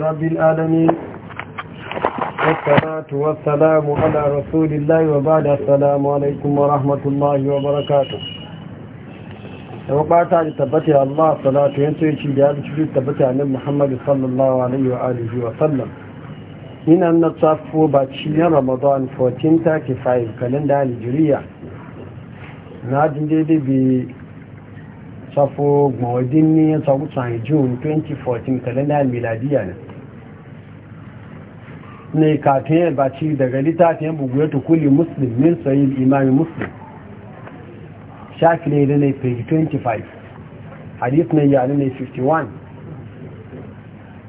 رب العالمين والصلاة والسلام على رسول الله وبعد السلام عليكم ورحمة الله وبركاته وبعد أن تبتع الله صلاة ينسوي شيء جاب شبيل تبتع عن محمد صلى الله عليه وآله وسلم إن أن نتصف باتشي رمضان فوتين تاكي 1435 كالندا الهجرية نادن دي بي صفو موديني صفو صحيح جون 2014 كالندا الميلادية ne kafin baci daga littafin buguye tukuli muslim min sayin imami muslim shafi ne 25 hadith ne ya 51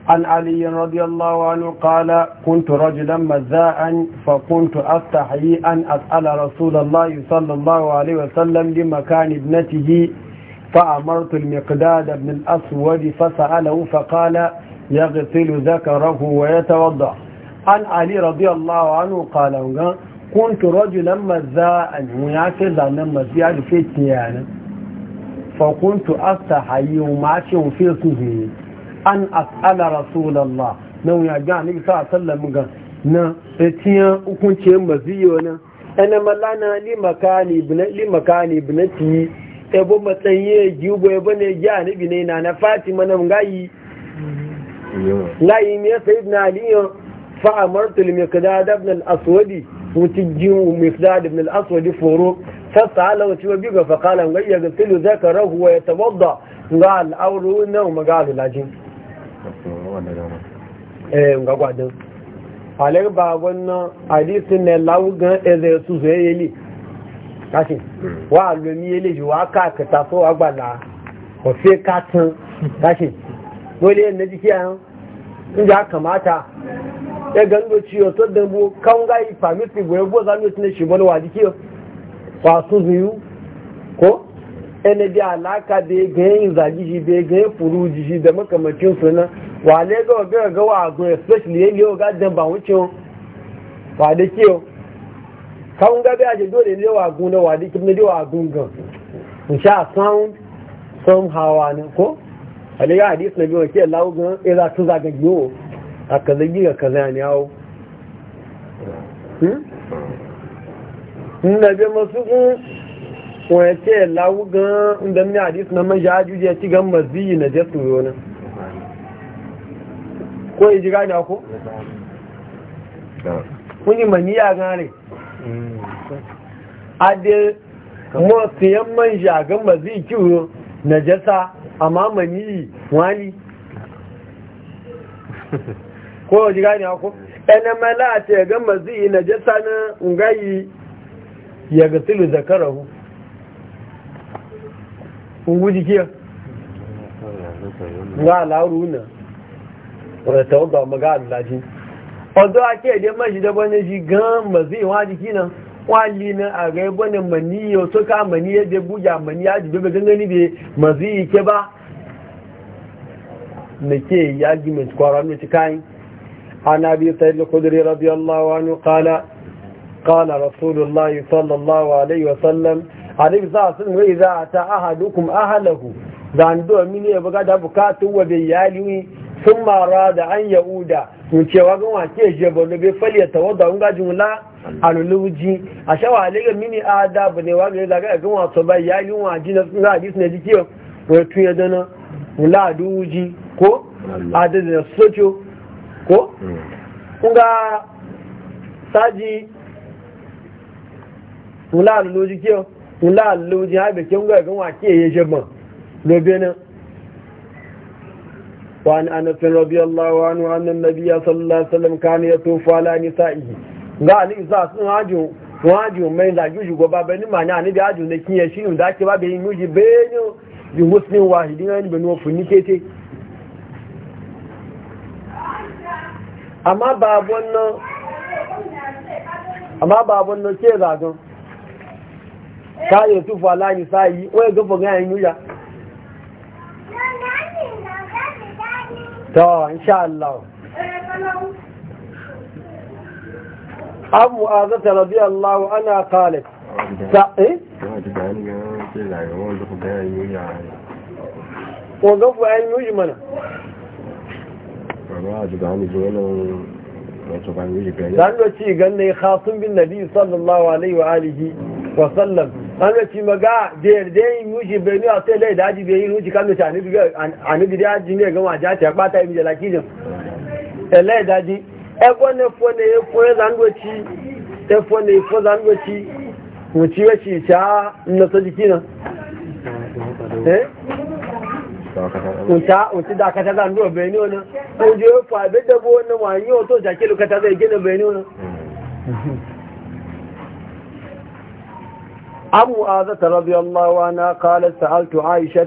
عن علي رضي الله عنه قال كنت رجلا مزاء فكنت أستحي أن أسأل رسول الله صلى الله عليه وسلم لمكان ابنته فأمرت المقداد بن الأسود فسأله فقال يغسل ذكره ويتوضأ an ali radiyallahu anhu qala unga kuntu rajulan mazza'an munyafi zanan maziya da fe tiyana fa kuntu astahayi ma ce mu fi su ne an as'ala rasulullah na ya ga ni sa sallam ga na tiyan hukunce maziyo na ana malana li makani ibn li makani ibnati ebo matsayi gibo ebo ne ya ni bi ne na fatima na ngayi ngai me sayyidina aliyo فأمرت لمقداد ابن الأسود متجيو مقداد ابن الأسود فورو فسأل وتوبيك فقال يغسل ذكره ويتوضا قال أورو نوم قال لاجين eh nga gwadin alar ba wannan hadisin ne lawugan eze su zo yeli kashi wa lo mi yeli ji wa ka ka ta so agbala ko fe ka tun kashi dole ne jiki an inda kamata ya gando ciwo to da bu kan ga yi permit boye bo za mu tune shi bolo wa dikiyo wa su zuyu ko ene bi alaka be ga yin zagi ji be ga furu ji ji da makamacin su na wa le ga ga ga wa go especially ye yo ga dan ba wuce wa dikiyo kan ga bi aje dole ne wa gun na wa dikiyo ne wa gun ga in sound somehow ko ale ga hadis na wa ke lawo e ga tun aka zagi ga ka zani hau hmm? ina bi masu un wọn ce lawu gan inda ni a disu na manja ajuji ya ci gan maziyi na jesu yona ko yi ji gani ako? kuni maniya A adi mo siyan manja gan maziyi kiwo na jesa amma maniyi wani ko ji gane ko ɗan mala a ce ga mazi na jasa na ngayi ya ga tilu hu ungu jikiya ga lauru na rata wadda maga alulaji ọdọ ake ẹ̀dẹ́ mọ́ṣí dẹ́gbọ́n ní ṣi gan mazi wọ́n jiki na wọ́n li na ààrẹ ẹgbọ́n mani yi o soka mani yẹ́ buja mani ya jibe gangan níbi mazi ike ba na ke ya gimẹ̀ kwara ní عن أبي سيد الخدري رضي الله عنه قال قال رسول الله صلى الله عليه وسلم عليه الصلاة والسلام إذا أتى أحدكم a زاندو مني يبقى دبكاته وبيالي ثم أراد أن يؤود wucewa gan wake je ya tawada unga jumla aluluji ashawa alega mini adabu ne wa ga ga gan wato ba yali wa jina ga hadis ne dikiyo wa tuya dana wala duji ko adada socho ko hmm. nga saji tula aluloji kiyo tula aluloji ha beke kunga ga wa ke ye jeba lobe na wa an anas radiyallahu anhu anna nabiy sallallahu alaihi wasallam kana yatufu ala nisa'ihi ga ni za sun haju waju mai da juju go baba ni mana ni da ne kiye shi da ke baba yin muji benyo bi muslim wahidin ni benu funike te amma babon nan amma babon nan ce zagon ka yi tufa lani sayi wani gafa ganyen yuya ta insha Allah abu a zata radiyallahu ana kalit ta eh? wani gafa ganyen yuya mana dan da ci ganne khasun bin nabi sallallahu alaihi wa alihi wa sallam dan da ci maga da yarda yin yuji bai ni a sai lai daji bai yi ruji kan da tani biga anibi da ji ne gama ja ta ba ta yi jala kijin lai daji e gwanne fo ne e fo dan da ci e fo ne fo dan da ci mu ci wace ta na ta na? eh unti da kata da ndo beni ona unje fa be da bo na wa yo to ja kilo kata za gina beni ona hmm. abu azza radiyallahu anha qalat sa'altu aisha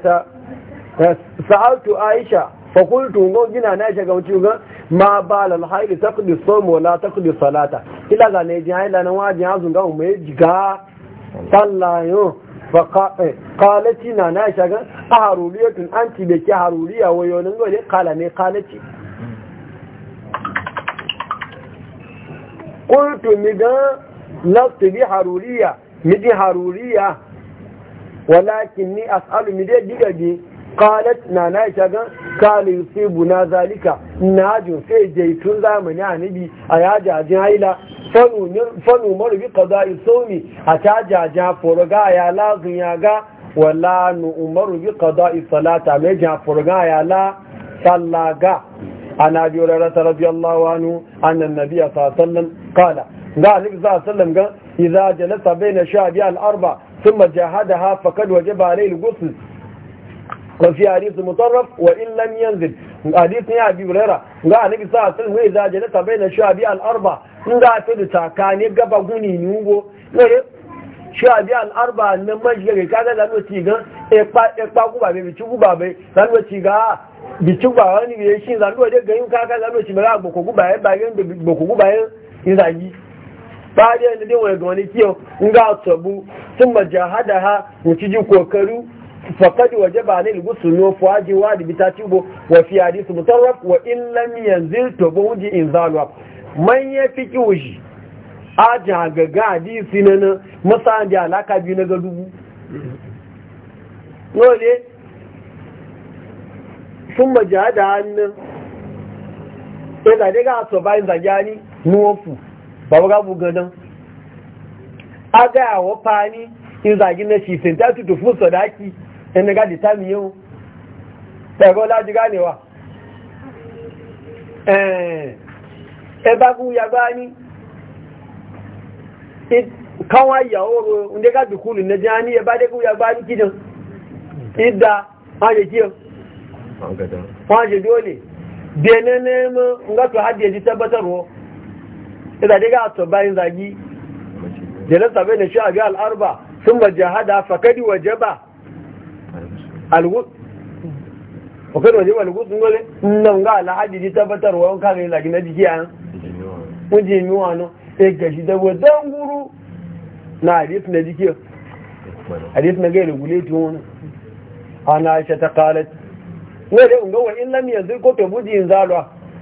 sa'altu aisha fa qultu ngo gina na aisha ga unti ga ma bal al hayl taqdi sawm wa la taqdi salata ila ga ne ji hayla na wa ji azun ga mu ji ga hmm. sallayo faƙalaci eh, na na shagan a tun an tibeke haruriya wayonin gole kala ne ƙalaci mi migan lafti bi haruriya midi haruriya walakin ni as'alu midai digage qalat na na ita ga kala yusibu na zalika na jin sai je tun zamani annabi a ya jajin haila fanu fanu maru bi qada'i sawmi a ta jaja foroga ya lazun ya ga wala nu umaru bi qada'i salata mai ja foroga ya la sallaga عن أبي هريرة رضي الله عنه أن النبي صلى الله عليه وسلم قال قال النبي صلى الله عليه وسلم قال إذا جلس بين شعبها الأربع ثم جاهدها فقد وجب عليه الغسل kan fi hadisi mutarraf wa in lam yanzil hadisi ya bi burera ga annabi sallallahu alaihi wasallam ya jana tabai na shabi al arba inda ta da takane gaba guni nugo ne shabi al arba ne maji ga kaga da no tiga e pa e pa ku ba be bi chugu ba be da no tiga bi chugu ba ni ye shi da no de gayin kaga da no tiga ba ku ba e ba gayin da ba ku ba e in da yi ba da ne de wa e ga wani kiyo inga tabu sun majahada ha mu ci ji kokaru فقد وجب عن الغسل وفواجه واجب تاتيبو وفي حديث مترف وإن لم ينزل تبوجي إنزالها من يفكي وجي aja gaga hadisi na na da alaka na ga dubu nole sun maja hannun ya zade ga aso bayan zagyani nuwofu babu gabu ganin aga yawo fani in zagi na shi sun ta tutu daki ẹni ká dì sáàmì yóò pẹ̀rọ lájú gáàlẹ̀wà ẹbá kú yagbá ní káwọn ìyàwó ro ndé ká dùkú lù nẹjẹ́ ní ẹbá dé kú yagbá ní kíjọ ìdá wọ́n zagi jẹ́lẹ́sàbẹ̀ nẹ̀ṣẹ́ àgbẹ̀ al'arba sun bàjẹ́ hada fakadi ba. alwuk wakil waje alwuk sun gole nan ga alhaji ji tabbatarwa wani kare lagi na jiki a nan wajen mi wano ya e gashi da wajen guru na hadith na jiki hadith na gaira guleti wani ana aisha ta kalat ne da ungawa in lam yanzu ko ta buji in zalwa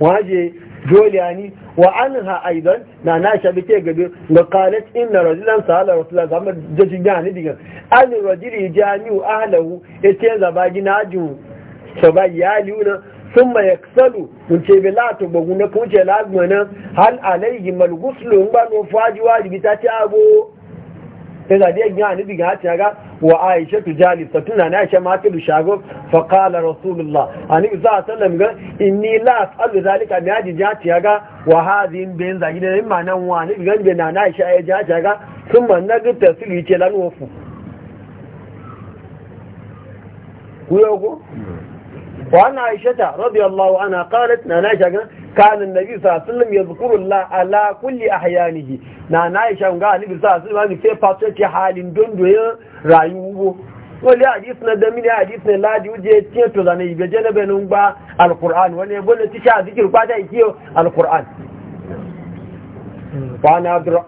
waje joliyani wa anha ha aidan na na shabi ke gabe ga qalat inna rajulan sala rasulullah da jinya ni diga an rajuli jami'u ahlahu yace zaba gina ju saba yaliuna thumma yaksalu mun ce bi latu baguna kun ce lazmana hal alayhi mal ghuslu ba no faji kai zaɗi yin gani diga wa aisha tu jali ta tuna na aisha ma ta bishago fa qala rasulullah ani za a sallam ga inni la asallu zalika mi aji wa hadin bin zaɗi da imma nan wa ni gan bin na aisha ya ja ciyaga sun man na ga tasiri ce lan wofu ku yau ku hmm. wa ana aisha ta radiyallahu anha qalat na aisha ga kana nabi sallallahu ya wasallam yazkurullah ala kulli ahyanihi na na aisha ga nabi sallallahu alaihi wasallam sai fato ke halin dondo ya rayuwo wani hadis na da mini hadis na ladi uje tiye to zane ibe je na benin ba alquran wani bone ti sha zikir kwata ikiyo alquran wa na abdur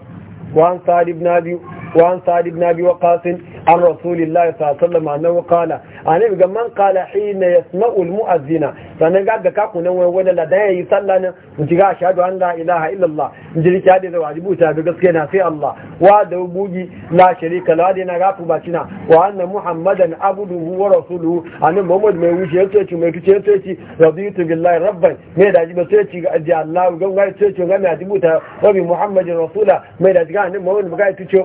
wa an sa'id ibn abi وعن سعد بن أبي وقاص عن رسول الله صلى الله عليه وسلم أنه قال أنا من قال حين يسمع المؤذن فأنا قد كاكو نوي ولا لا داعي يصلى ونتيجا أشهد أن لا إله إلا الله نجري كادي ذو عجبو تابي قسكينا في الله وهذا بوجي لا شريك له هذه نغاف باتنا وأن محمدا عبده ورسوله أنا محمد ما يوشي يتوشي ما يتوشي يتوشي رضيت بالله ربا ما يدعي بتوشي أدي الله وقام غير توشي وقام يعجبو تابي محمد رسوله ما يدعي أنا محمد ما يتوشي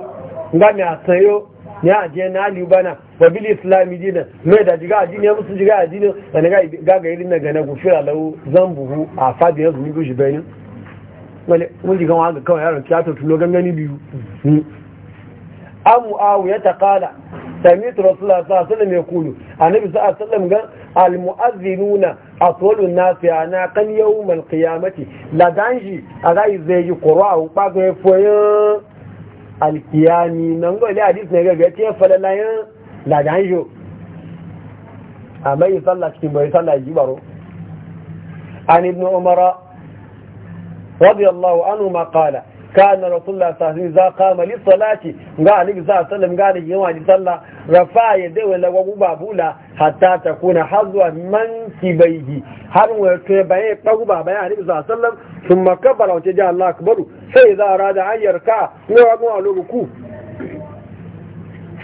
nga mi atayo ni aje na ali ubana wa bil islam dina me da jiga dina musu jiga dina da ne ga ga irin na gana ku fira lawo zambu hu a fadi yanzu ni gushi bayin wale mun diga wa ga kawai yaron tiyatar tulo gangani biyu hmm. amu awu ya taqala sami'tu rasulullah sallallahu alaihi wasallam yaqulu annabi sallallahu alaihi wasallam ga al mu'adhdhinuna atwalu an-nas ana qan yawm al qiyamati la danji agai zeji qura'u pa ga foyan alkiyami nan gole hadis ne gaga ce falalayen laganjo a mai sallah cikin bai sallah ji baro an ibn umara radiyallahu anhu ma qala kana rasulullah sallallahu alaihi wasallam qama li salati ga Ali sallallahu alaihi wasallam ga ni yawa ni salla rafa ya dai wala wa babula hatta kuna hazwa man kibaihi har wa to baye bagu baba ya annabi sallallahu alaihi wasallam thumma kabbara wa ja Allah akbaru sai za rada ayyarka ne wa go ku?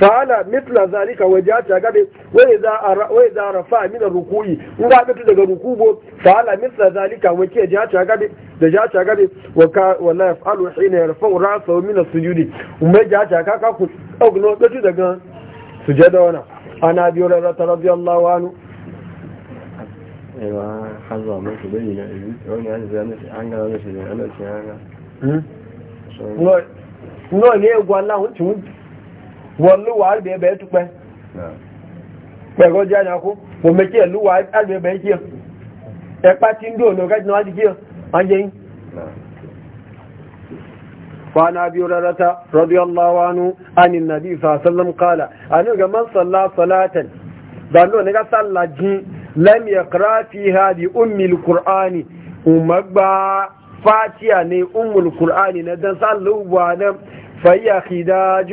fa'ala mitla zalika wajata gabe wai za rafa min ruku'i in ga daga rukubo fa'ala mitla zalika wake jata gabe da jata gabe wa ka wala yaf'alu hina yarfa'u ra'sahu min sujudi umma jata ka ka ku ogno daga sujada wana ana bi rara radiyallahu anhu hazwa mun bani na wani an an ga wani shi وعن أبي هريرة رضي الله عنه عن النبي صلى الله عليه وسلم قال أنا من صلى صلاة بأنه نغا صلى جي لم يقرأ هذه أم القرآن ومبا فاتحة أم القرآن ندى صلى وانا فهي خداج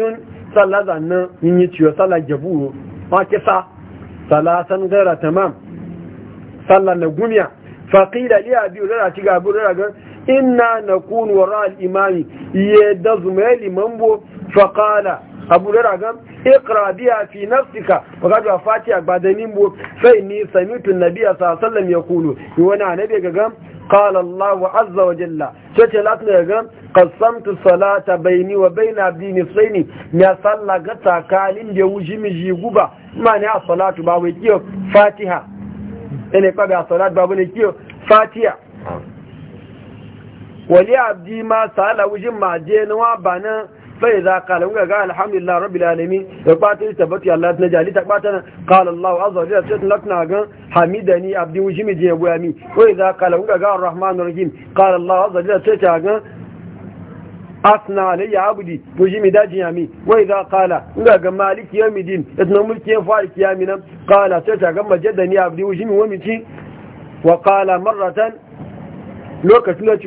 sallah nan yin yi ciwo sallah jabu makisa salatan gaira tamam sallah na gumiya faƙida liya biyu rara ci gabi abu gan ina na kunu wa ra'al imami iye da zuma ya liman bo faƙala abu rara gan ikra biya fi nafsika ba ka fatiha ba da nimbo sai ni sami tun nabiya sa sallam ya kunu wani a nabi ga قال الله عز وجل تتي لاتنا يغان قسمت الصلاة بيني وبين عبدي نصيني ما صلى قطع كالين دي وجي مجي غبا ما ني صلاة باوي كيو فاتحة إني قبع صلاة باوي كيو فاتحة آه. ولي عبدي ما صلى وجي ما جينوا بانا فإذا قال الحمد لله رب العالمين يقاتل تبطي الله نجالي تقاتل قال الله عز وجل سيطلقنا حميدني عبدي وجمدي أبو أمين وإذا قال الرحمن الرحيم قال الله عز وجل سيطلقنا أصنع لي عبدي وجمداجي أمين وإذا قال مالك يوم الدين إذن ملك ينفارك يا أمين قال سيطلقنا مجدني عبدي وجمدي وقال مرة لو كتلت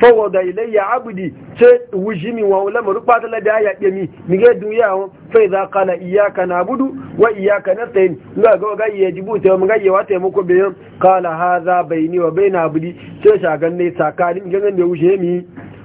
fọwọ́dọ̀ ilẹ̀ yà ábùdì tí wùjí mi wọn lẹ́mọ̀rú pátálẹ̀ bí ayà pẹ̀mí nígbẹ́ dúnyà wọn fẹ́ìdá kana iyaka na gudu, wa iyaka na tsayin lọ́gbọ́ ga iya jibu ta yamma ga iya bayan kala ha bai ni wa bai na abudi sai shagan ne tsakanin gangan da wuje mi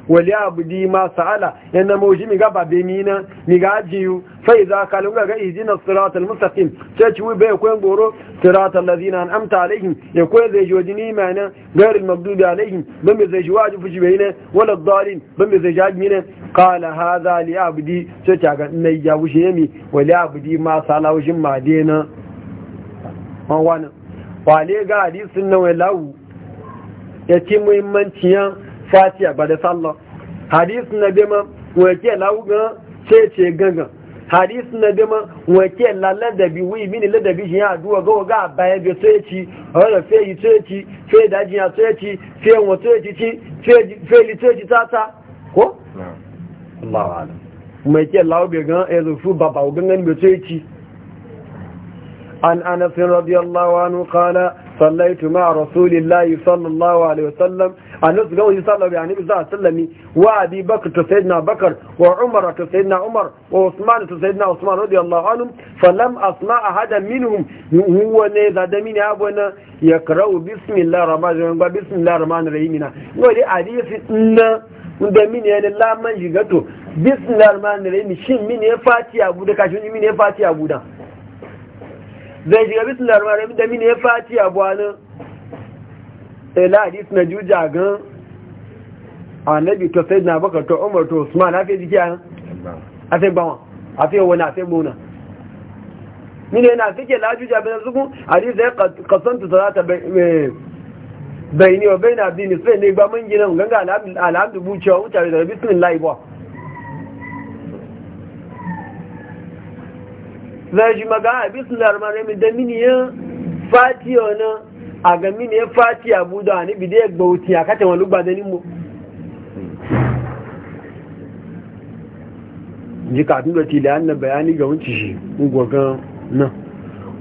wali di ma sa'ala yana mawuji mi gaba be ni na mi ga ajiyu fai za ka lunga ga izina siratul mustaqim sai ci bai koyan goro siratul ladina amta alaihim ya koyi zai joji ni ma na gairil magdubi alaihim ban mi zai jiwa ji fuji bai ne wala dalin ban mi zai jaji ne qala hadha li di. sai ta ga nai ya wuce yemi wali abudi ma sa'ala wujin ma dena wale ga hadisin nan wai lawu ya ce yan fatiha ba da sallah hadis na bema wake lawuga ce ce gangan hadis na bema wake ladabi wi mini ladabi shi ya duwa ga ga baya be sai ci fe yi sai ci fe daji ya sai fe wa sai ci fe li tata ko Allahu alam mai ke lawbe gan ezufu baba gangan be sai an anas radiyallahu anhu qala صليت مع رسول الله صلى الله عليه وسلم الناس قالوا يصلوا يعني صلى الله عليه وسلم وابي بكر سيدنا بكر وعمر سيدنا عمر وعثمان سيدنا عثمان رضي الله عنهم فلم اسمع احدا منهم هو نذا دمين ابونا يقرأ بسم الله الرحمن بسم الله الرحمن الرحيم ولي حديث da mini yana laman shigato bismillah rahman rahim shin mini ya fati abu da kashin mini ya fati abu da zai ji gabi rahman rahim da mini ya faci a buwani. ila eh, hadis na juja gan annabi to sai na baka to umar to usman afi jiki a fi bawa fi wani fi muna mini yana fike la juja bin zuku hadis ya kasantu salata bayni wa bayna abdini sai ne ba mun gina ganga alhamdu bucewa mutane da bismillah laibuwa zai ji magana bismillah rahim da mini ya fati ona a ga mini ya fati abu da wani bide gba wuti a katin wani gba danin mu ji kafin da tili annan bayani ga wuce shi gwagan nan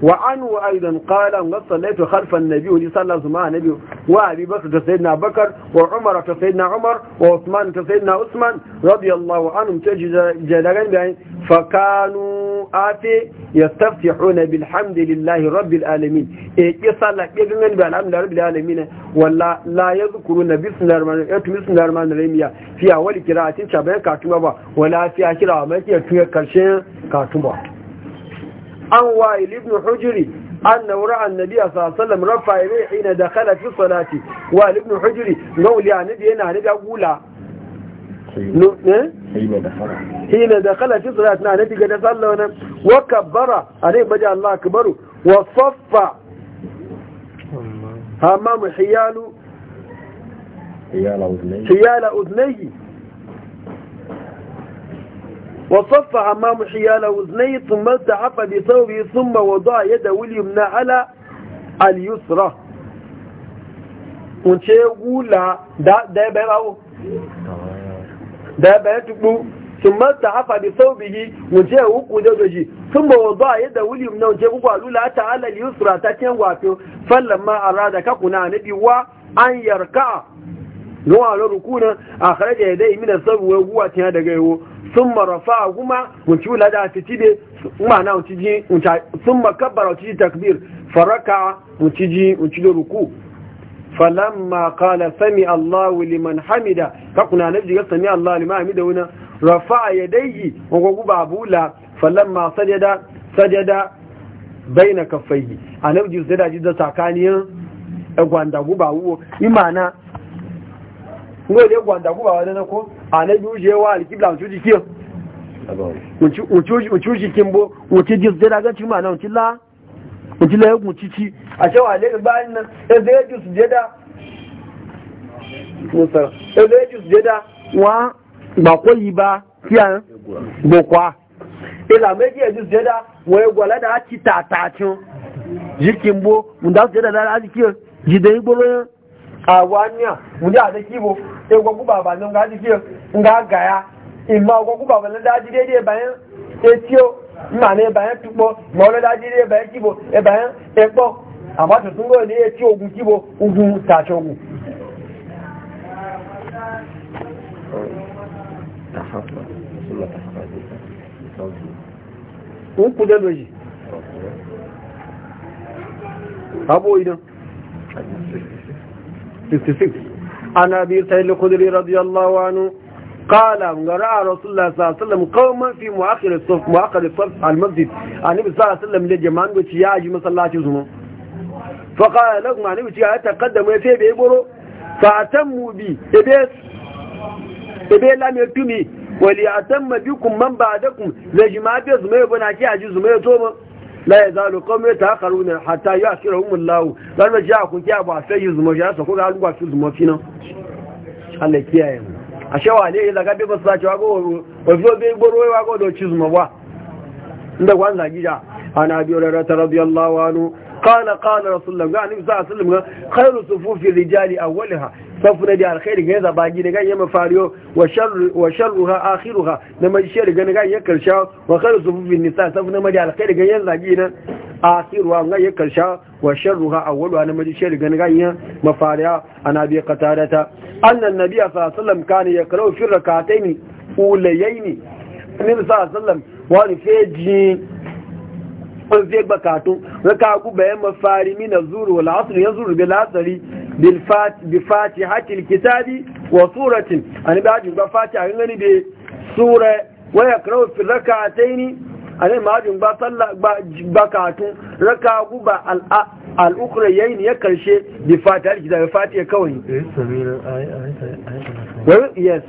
wa an wa aidan qala an sallaitu khalfa an-nabi wa sallallahu ma'a nabi wa abi bakr ta sayyidina Bakar, wa umar ta sayyidina umar wa usman ta sayyidina usman radiyallahu anhum tajid jadagan bayan fakanu afe yastaftihuna bilhamdillahi rabbil alamin e ke sala ke gangan bi alhamdulillahi rabbil alamin walla la yadhkuruna bismillahir rahmanir rahim bismillahir rahmanir rahim ya fi awal qira'atin shaban katuma ba wala fi akira tuya katuma an wa'il ibn hujri أن وراء النبي ina da عليه وسلم رفع إليه حين دخل في صلاته وابن hina da kala fi salat na nabi ga da sallah wannan wa kabbara alai baja Allah akbaru wa saffa amma mu hiyalu وصف حمام حيال وزنيه ثم التحف بثوبه ثم وضع يده اليمنى على اليسرى ونشي غولا دا da bayan tukbu sun masta hafa da sau bihi wuce uku da zoji sun ba wa zuwa yadda wuli na wuce a lula ta yi yusra ta ce wato fallan ma a rada ka kuna na wa an yarka nuwa na rukunan a kare da yadda imina sabuwa guwa ta daga yiwu sun marafa kuma wuce wula da fiti ne ma'ana wuce ji sun makabbara wuce ji takbir faraka wuce ji wuce da falamma qala sami Allahu liman hamida ka kuna nabi ga sami Allahu liman hamida wana rafa'a yadayhi wa guba bula falamma sajada sajada baina kaffayhi anabi sajada jidda sakaniyan gwanda guba wo imana ngo de gwanda guba wadana ko anabi uje wa alqibla ujuji kiyo ujuji ujuji kimbo ujuji sajada ga cimana ujuji la ìjìnlẹ̀ ogun títí àṣẹwà lẹ́gbẹ̀ bá ní ẹzẹ́ ejùs jẹ́dá wọ́n nwa yìí bá kí a gbòkwá ìlà méjì ejùs jẹ́dá wọ́n egwọ̀ lẹ́dà á ti tààtà tún jíkí mbó mùdáwù jẹ́dá lára á yi kí jìdẹ̀ igbóró àwọn àníyàn a àdékíbo egwọ̀ gúbàbà ní nga nga gàyà ìmọ̀ ọgbọ̀ gúbàbà lẹ́dà á ti déédéé báyẹn mà ní ẹbà yẹn túpọ̀ mà ọlọ́dájí ní ẹbà kíbo ẹbà yẹn ẹpọ̀ àmọ́ tuntun náà ní etí ogun kíbo ogun tàṣọ ogun ń kú dẹ́nu yìí idan 66 qala ngara rasulullah sallallahu alaihi wasallam qauman fi muakhir as-saf muakhir as-saf al-masjid annabi sallallahu alaihi wasallam da jama'an goci ya yi masallaci su fa qala lahum annabi ya taqaddama ya sai goro fa atammu bi ebe ebe lam yatumi wali atamma bikum man ba'dakum la jama'a bi zumai bana ki aji zumai to mu la yazalu qawm yata'akharuna hatta ya'khirahum Allah dan ja kun ki abu sai zumai ya sako ga alugwa fina Allah kiyaye mu ashewa ne ila gabe ba sa cewa go wafiyo bai gboro wa go do cizuma ba inda kwan zagi da ana bi rara ta radiyallahu anhu qala qala rasulullah ga annabi sallallahu alaihi wasallam khairu sufufi rijali awwalaha safuna da alkhairi ga yaba bagi da ganye mafariyo wa sharru wa sharruha akhiruha na mai shari ga karsha wa khairu sufufi nisa safuna ma da na ga yan nan آخرها أن يكرشا وشرها a أنا مجي شر غنغانيا مفارعة عن أبي قتادة أن النبي صلى الله عليه وسلم كان يقرأ في الركعتين أوليين النبي صلى الله عليه وسلم وأن في wani zai bakatu raka ku bayan mafari mina zuru wal asr ya bil asri bil fat bi fatihatil kitabi wa suratin an ba ji ba fatiha ngani sura wa fi rak'ataini a ne mahajin ba sallah ba katun raka guba al'ukura yayi ne ya karshe bi fata da kitabe fatiya kawai eh, yes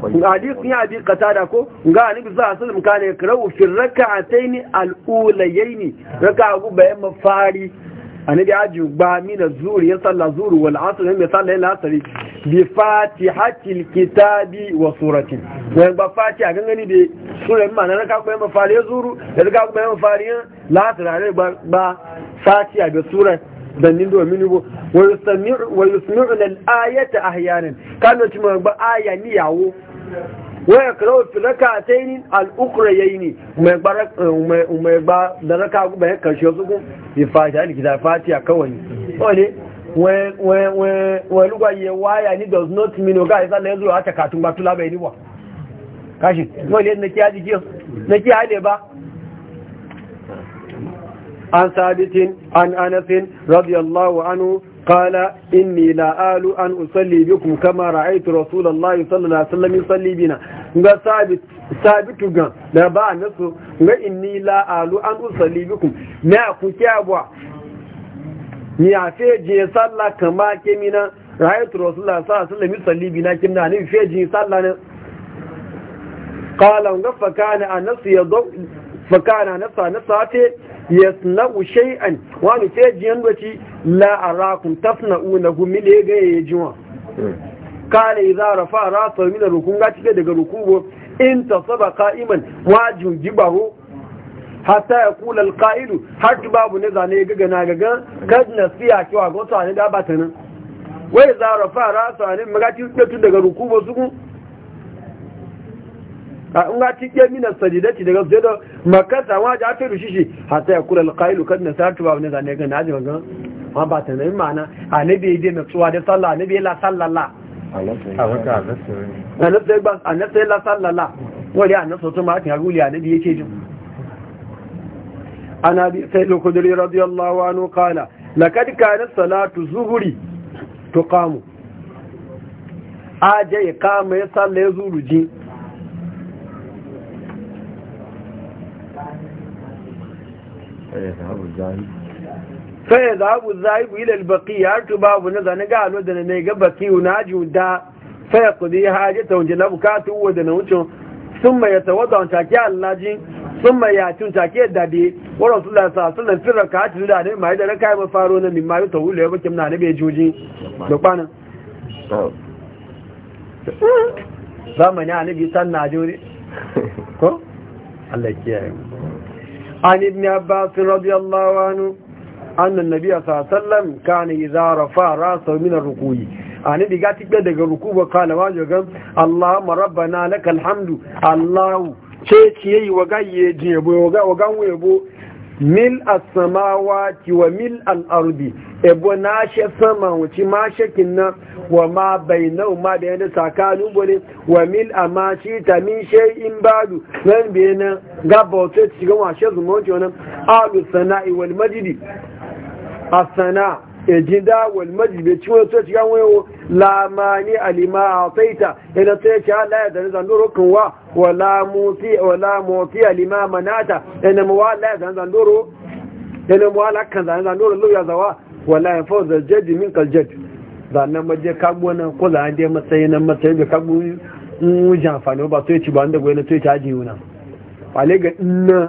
kun ya kata da ko ga annabi sallallahu alaihi wasallam kana yakrahu fi rak'atayn al ulayaini raka guba yamma fari annabi aji ba mina zuri ya salla zuri wal asr yamma salla ila asri bi fatihatil kitabi wa surati wa ba fatiha gangani da sura ma na ka koyi mafari ya zuru da ka koyi mafari ya ne ba fatiha ga dan dannin domin yugo wa yusmi'una al-ayata ahyanan kano ci ma ba aya ni yawo wa yakrawu fi rak'atayn al-ukhrayayn mai barak ma ba da raka ku kan shi su ku bi fatiha kitabi kitab fatiha kawai ole wọ́n lúgbà yẹ wáyà ní does not mean ọgá ìsá lẹ́zùrọ̀ àti kàtùngbà tó lábẹ̀ níwà káṣì wọ́n lè nàkí àjíjẹ́ nàkí àìlè bá an sabitin an anasin radiyallahu anu kala in ni la'alu, an أصلي بكم كما رأيت رسول rasulallahu صلى الله عليه وسلم يصلي ya fe je sallah kama ke mina rayatu rasulullah sallallahu alaihi wasallam salli na kimna ne fe je sallah ne qala wa fa kana anas yadu fa kana nasa nasate yasna'u shay'an wa ni fe je ndoci la arakum tafna'unahu ya ga yejiwa kala idza rafa ra'sa min rukun ga cike daga rukubo in ta saba ka'iman wajin gibaho hatta ya kula alƙa'ilu har ki babu ne zane gaga na gaga kad nasiya kiwa ga wata ne da ba ta nan wai zara fara su ne maga ti tun daga ruku ba su a in ga ti ke minas sajidati daga su da makata wa ja ta rushi shi hatta ya kula alƙa'ilu kad nasiya har ki babu ne zane gaga na ji gaga ma ba ta nan ma'ana annabi ya dai na tsuwa da sallah annabi ya la sallallah annabi ya la sallallah wani annabi sautu ma ake haruli annabi yake jin عن أبي سيد الخدري رضي الله عنه قال لقد كانت صلاة الظهر تقام أجي قام يصلي زورجي فيذهب الذاهب إلى البقية أرتباب نظر نقال ودنا ميقى بقي وناجي ودا فيقضي حاجته ونجلب كاته ودنا ثم يتوضع تاكي اللاجين sun mai yacin take dabe wa rasulullah sa sunan firar ka hatu da ne mai da na kayan mafaro na min mayu na nabe joji da kwanan zamani a nabi san na jori ko Allah an ibn abbas radiyallahu anhu annan nabiyya sallallahu alaihi kana idza rafa ra'sahu min ar-ruku'i ani diga tikbe daga ruku ba allahu ce ciye yi wa gaye jebo wa ganwe yabo mil asamawa ki wa mil al'arbi ebo na she sama wuci ma shekin kinna wa ma bai nau da yadda tsakanin bole wa mil a ma shi ta min she in badu nan biye nan gaba wato ci gama she zumonci wani alu sana'i wal majidi a sana'a ejida wal majibe ci wani tsoci kan wayo lamani alima a taita ina tsoci ala ya da nizan doro kan wa wala moti alima manata ina mawa ala ya da nizan doro ina mawa ala kan da zan doro lauya zawa wala ya fawar da jadi min kaljad zanen maje kagbo nan ko zanen dai matsayi nan matsayi da kagbo wujan amfani ba tsoci ba wanda gwai na tsoci ajiyu na wale ga ina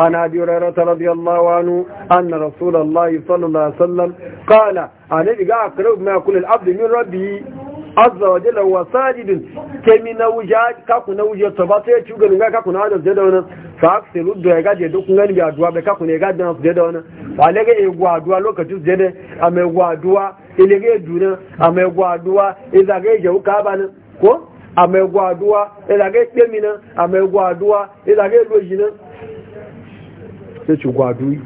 عن أبي هريرة رضي الله عنه أن رسول الله صلى الله عليه وسلم قال النبي قال أقرب ما يقول العبد من ربه azza wa jalla wa sajidun kemi na wuja ka ku na wuja to ba sai ci ganin ka ku na da da wannan fa sai ruddo ya gaje duk ngani ga duwa be ka ku ne ga da su da wannan fa le ga egwa duwa lokacin su da a mai gwa duwa ile ga duna a mai gwa duwa ka ba nan ko a mai gwa duwa iza ga kemi nan a mai gwa duwa iza ga loji nan sai ci gwadu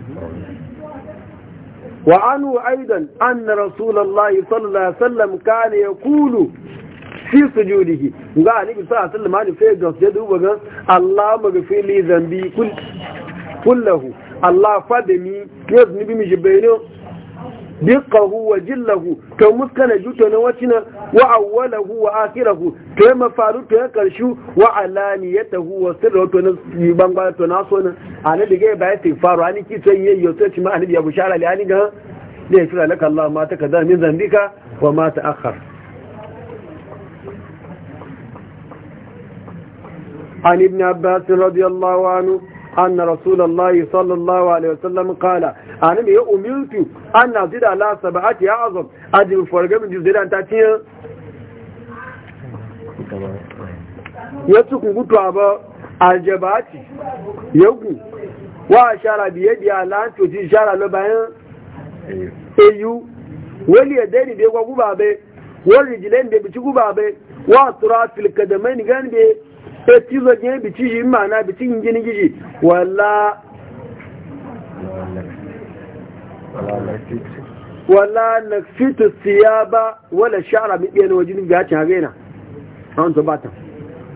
wa anu aidan anna rasulullahi sallallahu alaihi wasallam kana yaqulu fi sujudihi ga annabi sallallahu alaihi wasallam ya sai ga Allah magfi li Allah maghfirli dhanbi kullahu Allah fadami yazmi bi mijbayno dukkanhu wa jillahu to muskana juto na wacina wa awwalahu wa akhirahu to ya mafaru to ya karshu wa alaniyatahu wa sirra to na bangwa to na so na ana diga ba ya tifaru ani ki to yi yo to cima ani ya bushara li ani ga da ya fira laka Allah ma ta kaza min zambika wa ma ta akhar ani ibn radiyallahu anhu أن رسول الله صلى الله عليه وسلم قال أنا يا أميرت أن أزيد على سبعة أعظم أجل فرقة من جزيرة أن تأتي يسوك نقول أبا الجبات يوكو وأشار بيدي على أن تجي شارع لبعين أيو ولي يديني بيقوا قبابي والرجلين بيبتي قبابي وأطراف القدمين كان بيه e cizo gini bici yi ma'ana bici gini gini wala wala na fito siya ba wala shara mai ɗaya na wajen gacin haka yana an wa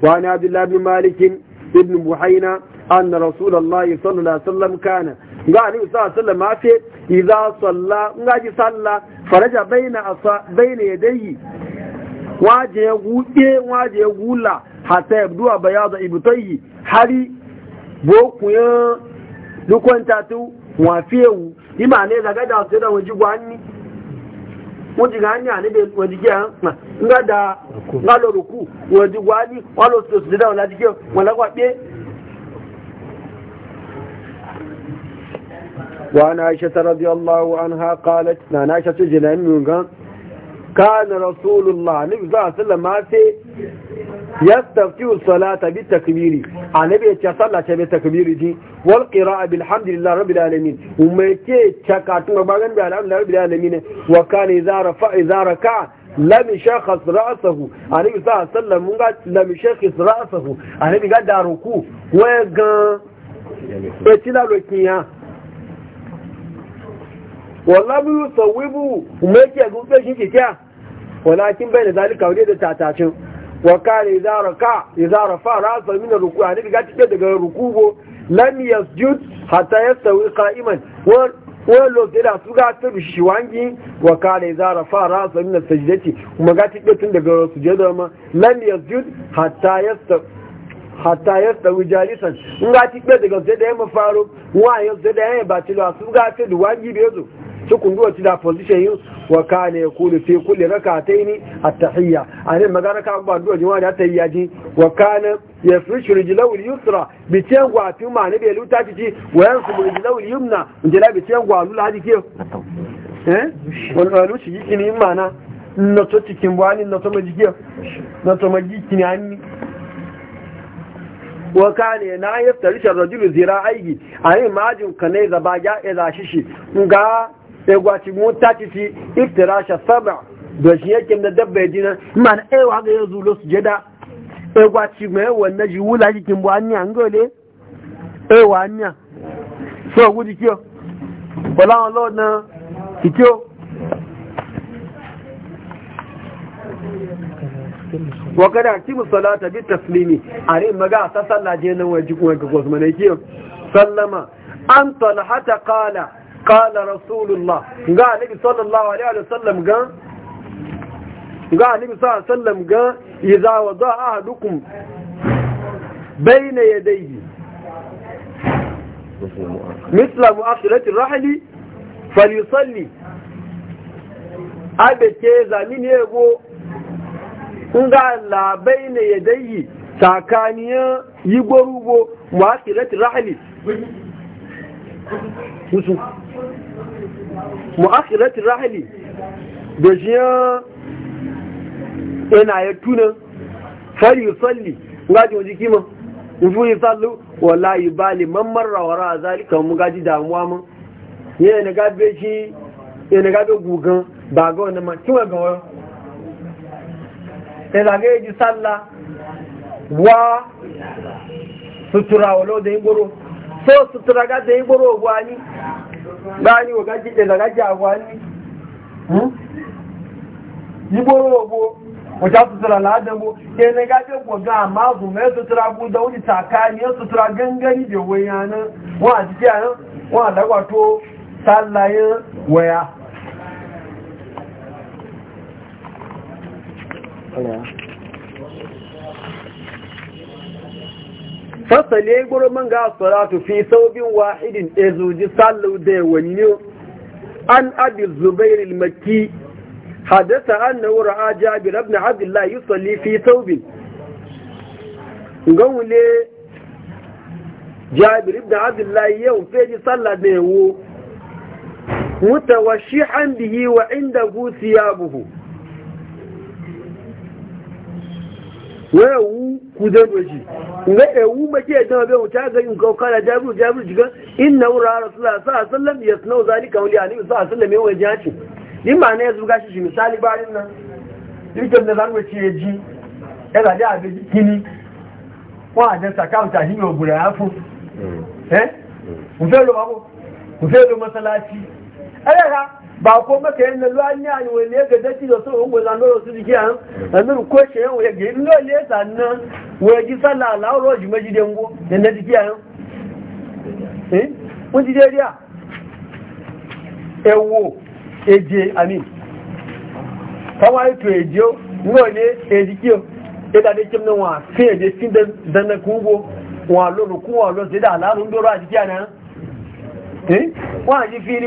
wani abdullahi bin malikin ibn buhaina an na rasulallah sallu na sallam kana ga ani sallallahu alaihi wasallam ma ce idza salla nga ji salla faraja baina asa baina yadayhi waje ya waje ya gula hatta yabduwa bayada ibtayi hari bo dukwanta tu wa fiyewu ima ne daga da su da waji gwani waji gani ne be waji ga nga da nga lo ruku waji gwani walo su su da wala dike wala kwabe وعن عائشة رضي الله عنها قالت نعم عائشة جلال من kana rasulullah nabi za a sallama ce ya tafi salata bi takbiri a nabi ya ce sallace takbiri ji wal qira'a bilhamdulillah rabbil alamin umma ke cakatun bagan bi alhamdulillah rabbil alamin wa kana idza rafa idza raka lam shakhas ra'sahu anabi za a sallama ga lam shakhas ra'sahu anabi ga da ruku wa ga etila lokiya wallahi yusawibu umma ke gufe shi kiya walakin bai da zalika wuri da tatacin ركع kare رفع rafa من الركوع ruku ani ga الركوع daga يسجد حتى يستوي قائما ولو qa'iman wa تبشي da su ga رفع bishi من السجدة وما idza rafa ra'sa min sajdati kuma ga hatta ya hatta jalisan in ga tike daga da ya mafaro wa zai da ya batilo su ga ta ya zo. cikin duwa ci da position yin wa ka ne ya kuli fi kuli raka ta yi ni a tahiyya a ne magana ka ba duwa jima da ta yi yaji wa ka ne ya fi shi rijilau yusra bi tiyan gwa fi ma ne bai luta ci wa yan su rijilau yumna in jila bi tiyan gwa lula haji ke eh wani wani shi yi kini mana na to cikin buhani na to majiki na to majiki ne hannu wa kane na yaftari sharrajulu zira aiki a yin majin kanai zaba ya iza shishi ga mu ta ci ci iftirasha saba da shi yake da dabba ya jina mana ewa ga ya zulo su jada egwaci mai wannan ji wula kin bu anya an gole ewa anya so gudi kiyo wala wọn lọ na kiyo wakada kimu salata bi taslimi a maga ta sallaje nan wajen kuma ga gosmane kiyo sallama an talhata qala qala rasulullah ga nabi sallallahu alaihi wasallam ga ga nabi sallallahu alaihi wasallam ga idza wada ahadukum bayna yadayhi مثل مؤخرة الرحل فليصلي ke zamini ego nga la bayna ya dayi yigorugo mu'akhirati rahli musu mu'akhiratin rahali da jiya yana ya tuna fari yusalli ngaji wajen kima ufu yusallu wala yubali man marra wara zalika mun gaji damuwa mun yana gabe shi yana gabe ba ga ma ga sai wa sutura da yin goro so sutura ga da igboro ogwani gani wa gaji da gaji agwani igboro ogbo wata sutura ladabu ke na gaji gwaga amma su mai sutura bu da taka tsakani ya sutura gangari da wayanan wa jiki a nan wa dagwato sallayin waya Yeah. fasale goro man ga salatu fi saubin wahidin da e zoji sallu da wani an abi zubair al-makki hadatha annahu ra'a jabir ibn abdullah yusalli fi saubin gawule jabi rabna abdullah yau feji sallah da yawo an bihi wa inda ya buhu. wọ́n ewu kúdé méjì nga ẹ̀wú méjì ẹ̀dán ọbẹ̀ òun tágà nǹkan kára jábìrù jábìrù jìgá iná wúra rasulà sàásánlẹ̀mì yẹ̀sùn náà zálì kàwọn lè àníbi sàásánlẹ̀mì ẹ̀wọ̀n jẹ́ àti ní màá náà ẹ̀sùn gáṣì ṣì misali bá rí nà níjọ́ ní lánàá ti yẹ jí ẹ̀rà dé àbí kíní wọ́n àjẹ́ á fún ẹ́ ba ko maka yin da zuwa wani ga dace da su ungo zan doro su dike an anur ko she yan ya gidi lo le sanna we ji sallah la ro ji maji den na den an eh mun ji dia ewo eje ami kawai to eje ngo ne edikio eda de kimna wa fi eje sin da na kungo wa lo ru wa lo se da la ru ndoro ajike an eh ji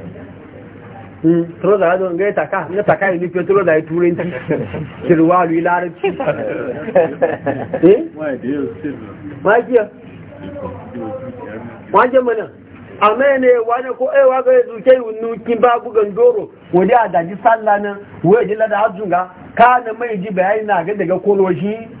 troza ya don gai taka na taka yi nufin troza ya turin kirwa lu larabci eh wajiya wajiya mana amma yana yawa ne ko ewa eh, ga ya zuke nukin babu gandoro wani a daji sallah nan wani jila ka na mai ji bayani na ga daga kolo shi.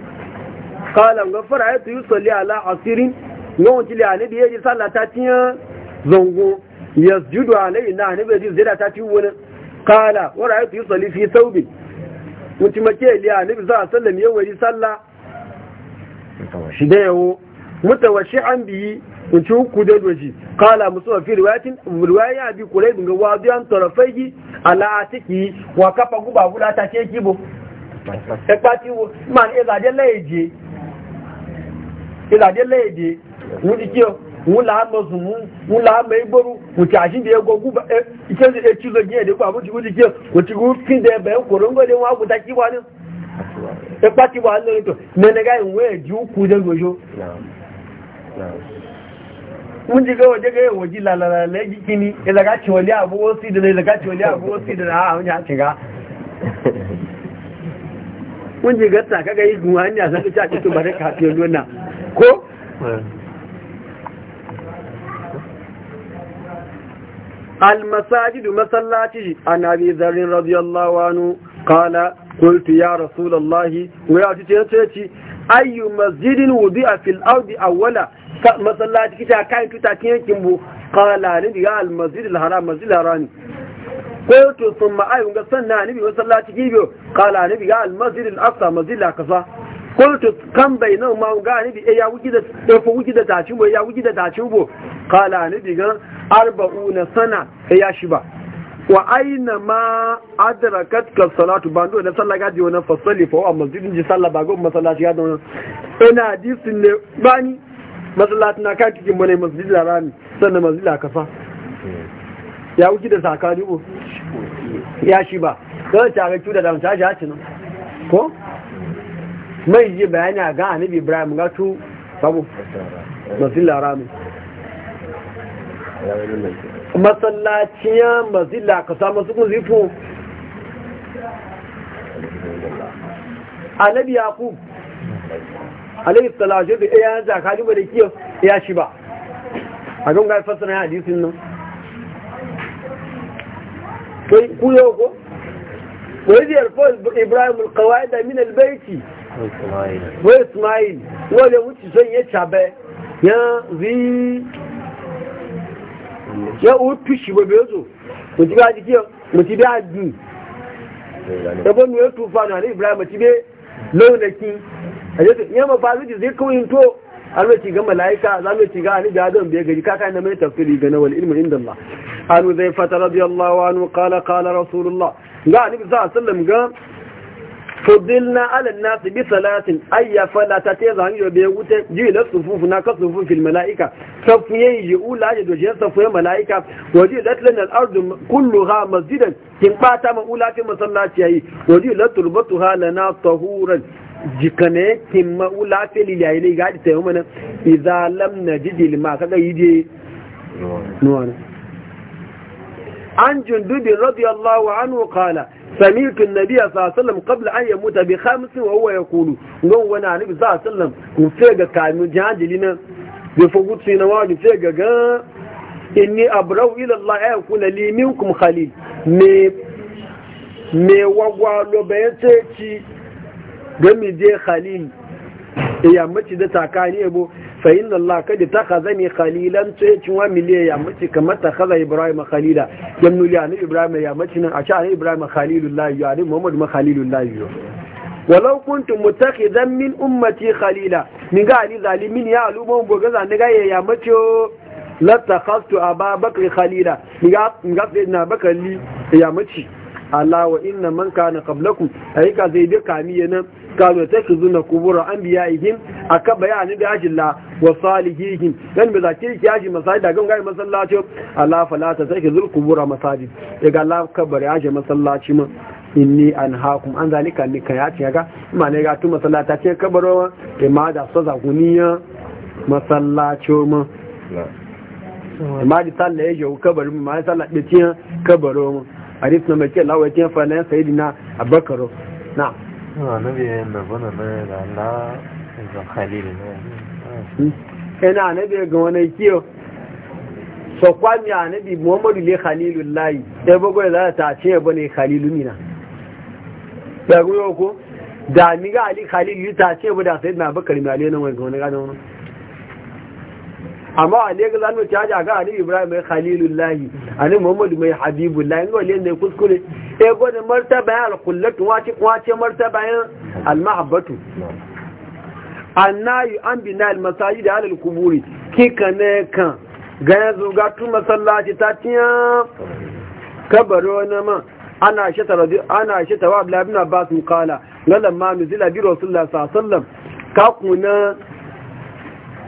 kala ga fara ya tuyi salli ala asirin ga wuce li anabi ya ji sallah ta tiya zango ya judu anabi na anabi ya ji zira ta ci wani kala wara ya tuyi salli fi saubi wuce make li anabi za a sallam ya wari sallah shi da yawo mutawashi an biyi wuce hukku da doji kala musamman fi riwayatin ya bi kurai bin ga waziyan tarafai ala atiki wa kafa guba guda ta ce kibo ẹgbá tí wo ma ni ní ẹgbàjẹ́ lẹ́ẹ̀jẹ́ ìdàdé léèdè wọ́n ti kí ọ wọ́n là á mọ sùnmù wọ́n là igboru, mọ igbóru wọ́n ti àṣìndé ẹgbọ́ gúbà ẹ ìṣẹ́sì ètùsọ yẹn èdè kó àbújá wọ́n ti kí ọ wọ́n ti kú kíndé ẹbẹ̀ ńkòrò ńgọ́dé wọn àgùntà kí wọn. ipa ti wà lórí tó nẹnẹgá ìwé ẹ̀jú kú dẹ́gbẹ̀ṣọ́. wọ́n ti gbẹ́wọ̀ jẹ́gẹ́ ìwọ̀n ti Almasar jiru masallacin a nanibin zaren radiyallahu anhu kala kwautu ya rasu lallahi wuya a cikin yaceci. Ayyuna masjidin Hudu a fil Audu a wala masallacin gida a kankanta a kan yankinmu kala nanin riga masjirin Haram masjirin Harami. Kwautan su ma ayyukan san nanibin masallacin gibewa kala nanin riga maslacin Asa masjirin Lakasa. قلت كم بينهم ما غاني بي يا وجد فو وجد تاچو يا وجد تاچو قال ان بي 40 سنه يا شبا واين ما ادركتك الصلاه باندو ان صلى غادي وانا فصلي فهو مسجد دي صلى باغو مسلاتي غادو انا دي سن باني كان تجي من مسجد الرامي سنه مسجد الكفا يا wuce da بو يا شبا shi ba don tare cuta da mutaji ko mai yi bayani a ga anabi ibrahim ga tu sabu masilla rami masallaciyar masu ka samu su zifo anabi yakub alayhi salatu da ya zaka ji ba da kiyo ya shi ba a don ga ya hadisin nan kai ku yau ko wajiyar fa ibrahim da min albayti wọ́n ismail wọ́n lè wúti sọ yẹ chabẹ́ ya rí yẹ ó túṣì bẹ̀bẹ̀ ó zo, mo ti bá di kí ọ mo bá dùn ẹgbẹ́ mi ó tún fa nù ni ibrahim mo bẹ́ lóun nà mo fa ga mala'ika zalwaci ga ani jazon biya gari kaka na mai tafsiri ga ilmu inda Allah an zai fata radiyallahu anhu qala qala rasulullah ga ani bi ga fudilna ala nasi bi salatin ayya fala ta te zan yo be wute ji la sufufu na ka sufufu fil malaika safu ula ya doje malaika latlan masjidan kin bata ma ula fi masallaci yayi waji laturbatuha lana tahuran jikane kin ma ula fi lilayi ne ga ta mana lam anhu kala sami'tu an-nabiy sallallahu alaihi wasallam qabla an yamuta bi khamsin wa huwa yaqulu ngon wani annabi sallallahu alaihi abrau ila Allah ya kuna ci ga mi je khalil ya mace fayin lalla kada ta kaza ne khalilan tsaye cinwa miliyan ya mace kamar ta kaza ibrahim khalila yan nuli a ibrahim ya mace nan a sha a ibrahim khalilun layu a ne muhammadu ma khalilun layu walau kuntum mutaki zammin khalila min ga ali zalimin ya aluma mu ga zan ga ya mace la ta khaftu aba bakri khalila min ga min ga na bakali ya mace Allah wa inna man kana qablakum ayka zaidi kamiyana kanu ta ku zuna kubura an biya ihim a ka bayani da ajilla wa salihihim dan bi zaki ki yaji masajid daga ngai masallaci ala fala ta sai ki zul kubura masajid daga Allah ka bari yaji masallaci ma inni an hakum an zalika ni ka yaci ga ma ne ga tu masallata ce kabaro ma ma da saza guniya masallaci ma ma di sallah ya jau kabarin ma ya sallah ɗi tiyan kabaro mu hadis na mai ke lawa ya tiyan fa na sayidina abakaro na na biyan da bane na da na zan khalil ne ina na biyan ga za ta ce bane khalilumina da guyo ko da ni ga ali khalil ta ce ba da sayyidina bakar mi ale nan wani ga wani amma a ne ga zanuwa ta a ga ibrahim mai khalilullahi ne muhammadu mai habibullahi ga wale ne kuskure e gwada martaba ya alkullatu wace wace martaba ya almahabbatu annayu an bina almasajid ala kuburi kika ne kan ga yanzu ga tu masallaci ta tiya kabaro na ma ana ta radi ana ta wa abdullah ibn abbas qala lamma nuzila bi biro sallallahu alaihi wasallam ka kuna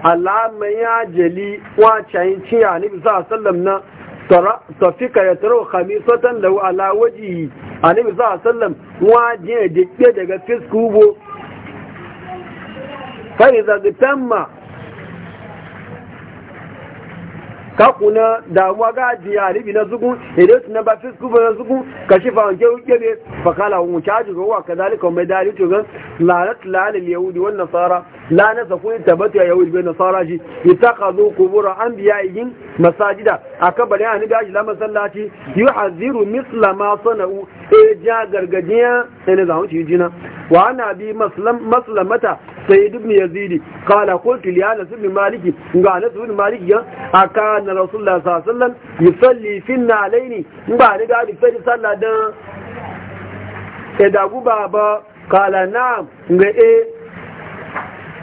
alama ya jali wacayin ciya ne bisa sallam na tafika ya taro khamisatan da ala waji a ne bisa sallam waje da daga fisku bo fari ka kakuna damuwa gaji ya ribi na zugu idan su na ba fisku na zugu ka shi ne fa kala wuce ajiyar wa ka zalika mai dalito gan lalat lalil yahudi wannan nasara. la na saku in tabbata ya yahudi bai nasara shi itakazu kubura an biya yin masajida a akabarin annabi la masallaci yuhaziru misla ma sana'u e ja gargajiya sai ne zamu ci jina wa ana bi maslam maslamata sayyid ibn yazid qala qultu li na ibn maliki ga anas ibn maliki ya akana rasulullah sallallahu alaihi wasallam yusalli fi nalaini ba ni ga di sallah dan e da guba ba qala na'am ga e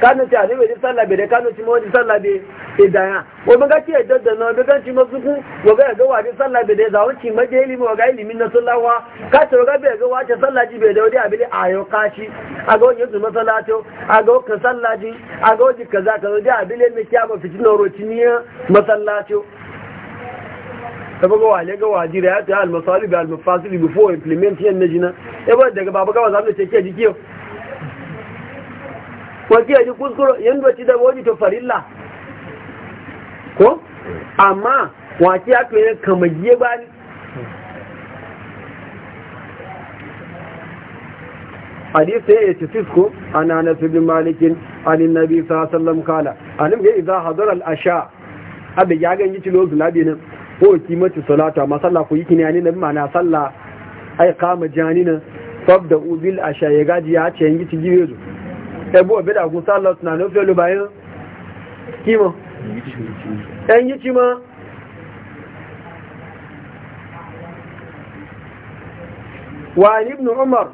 kanu ti ani wedi sala be de kanu ti mo di sala be e da o mo ga ti e dodo no be kan ti mo suku wo ga ga wa di sala be de za o ti ma je ilimi o ga ilimi na sala wa ka to ga be ga wa ti sala ji be de o di abili ayo kashi shi ago ni zu masala to aga o ka sala ji aga o kaza ka o di abili mi kya ba fitino ro ti ni masala to sabaga wale ga wajira ya ta al masalib al mufasil before implement yan najina e ba daga baba ga wa zamu ce ke jikiyo wata yaji kuskuro yin doci da wajen to farilla ko amma wace ya to yin kamagiye ba ni hadisi ya ce fisko ana nasu bin malikin alin nabi sallam kala alim ya iza hadar al'asha abin ya ganyi cilo zulabi nan ko kimatu salata ma sallah ku yi kini ne ma na sallah ai kama jani nan sabda ubil asha ya gaji ya ce yin gici gibe zuwa ẹgbó ọ̀bẹ́dà ogun sálọ̀tù náà ló fẹ́ ló bá kí mọ́ ẹ̀yìn tí mọ́ wà ní ibùn umar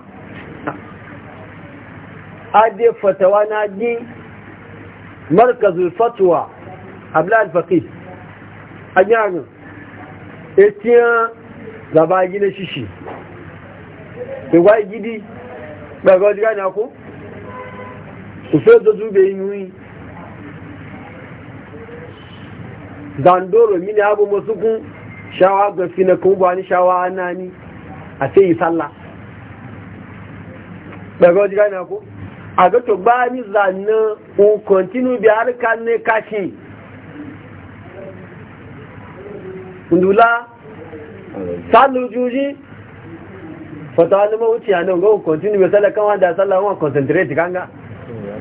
adé fatawa na dí markazul fatuwa abdullahi alfaqi ajáyàn etiyan zaba gina shishi ìwá igidi gbẹ̀gbẹ̀ ọdí ufe da zube yi dandoro mini abu masu kun shawa ga fina kun ba ni shawa ana ni a sai yi sallah daga wajen gani ko a ga to ba ni zanna un continue bi harka ne kashi ndula sallu juji fata wani mawuci a nan ga un continue bi sallah kan wanda sallah wani concentrate kanga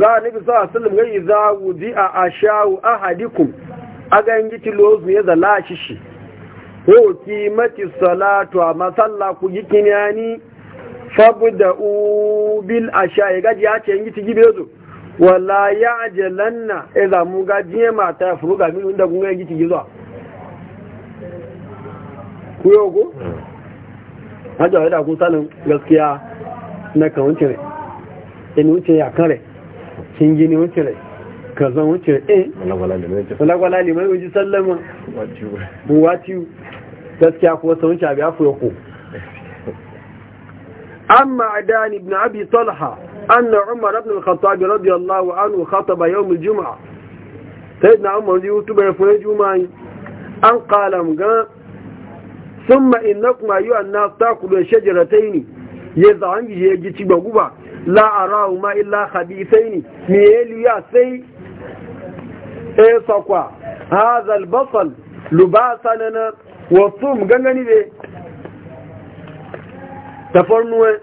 ga nabi sallallahu alaihi wasallam gai za wudi a ashawu ahadikum aga yin giti lozu ya zala shi shi ko kimati salatu a masalla ku yi kiniyani fabda u bil asha ya gaji ya ce yin giti gibe zo wala ya ajalanna idza mu gaji ya mata ya furuga min inda kun yin giti gizo ku yo hmm. ko hajja da kun sanin gaskiya na kan wuce ne in wuce ya kan rai gini wuce rai zan wuce rai eh walagwala liman wuji sallama wati gaskiya kuwa sun wuce abu ya fi ko amma ma'adani na abi talha na umar ibn al bi radiyallahu anhu khataba yawm al-jum'a na umar ji hutu bai fi juma'a an qala ga thumma innakum ayyuhan nas taqulu shajaratayn ya ji ba guba la arahu ma illa hadithaini mi eliya sai e sokwa hadha albasal lubasanana wa sum gangani be tafornuwe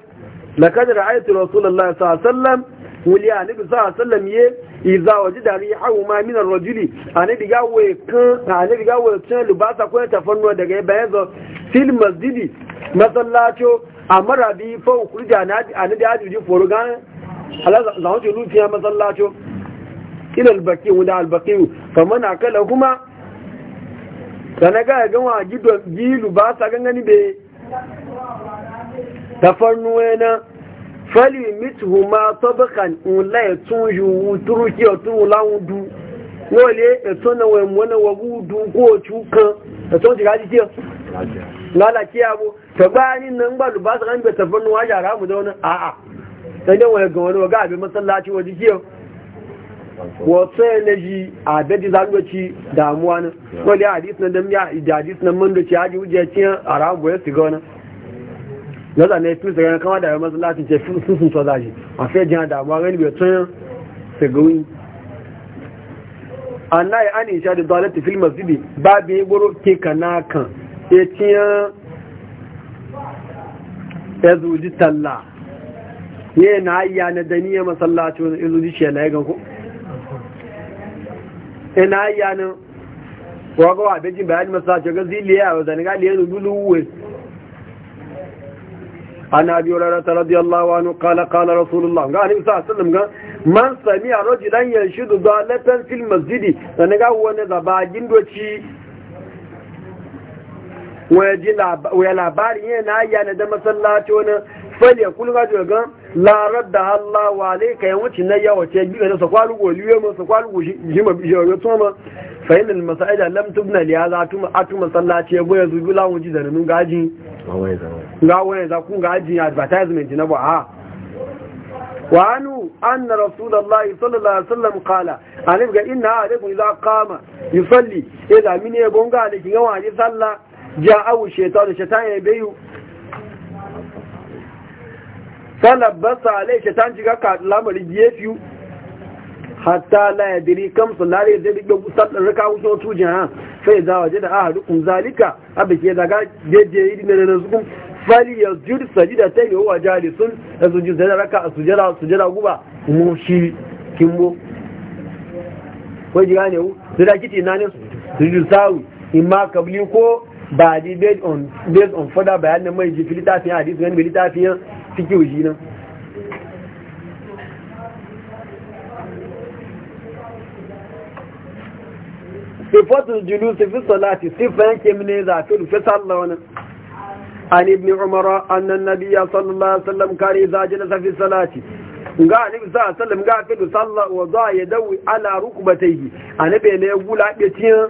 lakad ra'aytu rasulullahi sallallahu alaihi wasallam wuliya ni bi sallallahu alaihi wasallam ye iza wajida ri hawu ma min ar-rajuli ani diga we kan ani diga we tan lubasa ko tafornuwe daga ibayezo fil masjidi masallacho amma rabi fa kurja na an da ajuji foro ga halaza zawo ji lufiya masallacho ila albaqi wa kama na kala kuma kana ga ga wa gido gilu ba sa gangani be tafarnuwe na fali mituhu ma sabakan nla etun yuwu turu ki otun lawun du wole etun na we mo na wagu du ko chu kan etun ti ga ji ti lala ki abu to bayanin nan ba lu ba su ganin bata fannu wa yara mu da wani a'a sai dai wani ga wani ga abin masallaci waje kiyo ne ji a bedi zangoci damuwa ne wani hadis na dam ya da hadis na mun da ci haji hujja ci a boye su na wani na. ne su ga kama da masallaci ce sun sun to zaji a sai jin damuwa gani bai tun su ga wani annayi an insha da dalati fil masjidi babu goro ke kana kan etiyan ezuji talla yi na ayya na daniya masallaci wani ezuji shela ya ganku ayya e na wagawa masallaci ga ziliya wa zaniga liya zubuluwe عن أبي هريرة رضي الله عنه قال قال رسول الله a gindoci. waya labarin yana ayya na da masallaci wani fali kullum ga jirga larar da Allah wa zai yan wuce na yawa ce gina da sakwalu goliwe mu sakwalu goshi ma bishiyar ya tuma fa'in al-masa'ida lamtu na li hadha tuma atu masallaci ya boye zubi lawun ji da nun gaji ga waya za kun gaji advertisement na ba ha wa anu anna rasulullahi sallallahu alaihi wasallam qala alif ga inna alaikum idza qama yusalli idza min yabunga alaikum wa ni sallah ja'awu shaytanu shaytan ya bayu falabbasa alai shaytan jiga ka lamari gefiu hatta la yadri kam sallare da bi gusan raka wuso tujin ha sai da waje da ahadukum zalika abike daga jeje yi ne na zukun fali yasjud sajida ta yi wa jalisun da sujud da raka sujada sujada guba mu shi kimbo ko jiga ne u da kiti na ne sujud sawi imma kabli ko ba di based on further bayanin mai jifi littafin hadisun yadda littafin fiki wuji nan sifatun julu sifin salati sifin kemine zafi rufe sallawanin an ibni umaru annan nabiya sallallahu alaihi wasallam kare zaji na safi salati ga alif sa sallam ga fi sallah wa za ya dawi ala a anabe ne gula be tiyan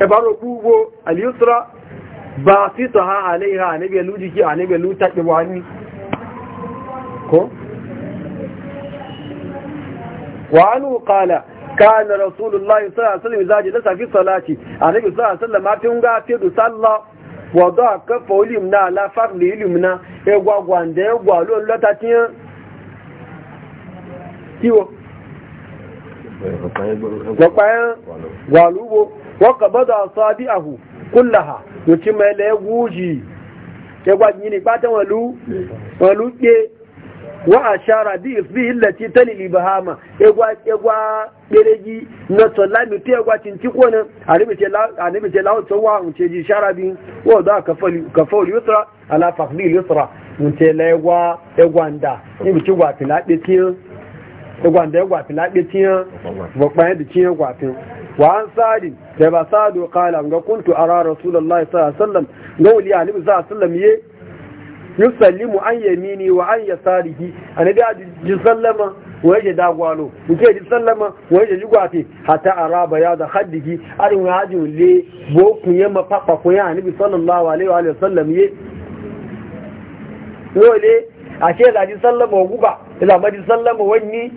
ibaro kugo al-yusra ba sitaha alaiha anabi lujiki anabi luta kibwani ko wa anu qala kana rasulullahi sallallahu alaihi wasallam idza jalasa fi salati sallallahu alaihi wọ́kà bọ́dọ̀ àṣọ́bí àhù kúlàhà tó ti mẹ́lẹ̀ wújì ẹgbàjì ní pátẹ́ wọ̀lú pé wọ́n àṣára bí ìfí ilẹ̀ ti tẹ́lẹ̀ ìbáhámà ẹgbà na nọ́tọ̀ láìmì tí ẹgbà ti tí kó ní àníbìtẹ̀ láwọ́tọ̀ wà ń ṣe jí ṣára bí wọ́n dá kàfọ́ wa an sadi da ba sadu kala ga kuntu ara rasulullahi sallallahu alaihi wasallam ga wali ali sallallahu alaihi wasallam ye yusallimu an yamini wa an yasarihi annabi ji sallama wa yaje dagwalo muke ji sallama wa yaje jugwate hatta araba ya da haddihi arin haji le bo kunye mafaka kunye annabi sallallahu alaihi wa sallam ye wole ashe da ji sallama guba ila ma ji sallama wani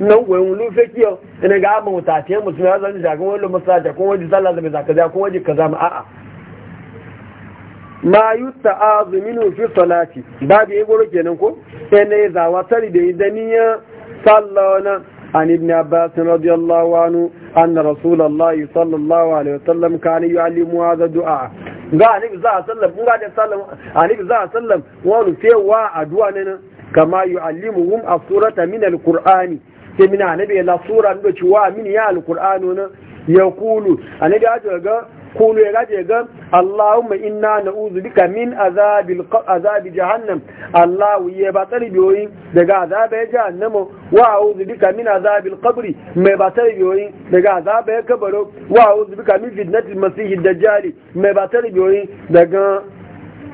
nan wai wulu fake ina ga abin wuta ta yi musulmi ya zan wani da bai zaka a'a ma azuminu fi salati babu yi goro kenan ko sai ne zawa tari da yi daniya sallah na عن An عباس رضي الله عنه أن رسول الله صلى الله عليه وسلم كان يعلم هذا الدعاء قال a صلى الله عليه وسلم قال النبي صلى الله عليه وسلم وانو في وا ادوانا كما يعلمهم الصورة من sai mina annabi ya' sura ndo ci wa min ya alqur'anu na yaqulu annabi ya ga kulu ya gaje ga Allahumma inna na'udhu bika min azabil azab jahannam Allahu ya ba tsari biyoyi daga azaba jahannam wa a'udhu bika min azabil qabr mai ba tsari biyoyi daga azaba kabaro wa a'udhu bika min fitnatil masih ad-dajjal mai ba tsari biyoyi daga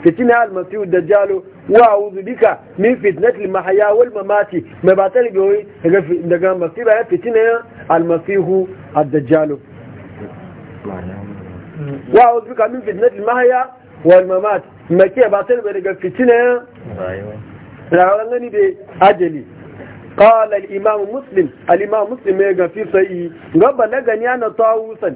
fitnatil masih ad-dajjal wa a'udhu bika min fitnati al-mahya wal mamati ma ba ta wai daga daga masiba ya fitina ya al-masihu ad-dajjal wa a'udhu bika min fitnati al-mahya wal mamat ma ke ba ta daga fitina ya rayuwar gani da ajali قال الإمام مسلم الإمام مسلم يقول في صحيح قبل gani ana طاووسا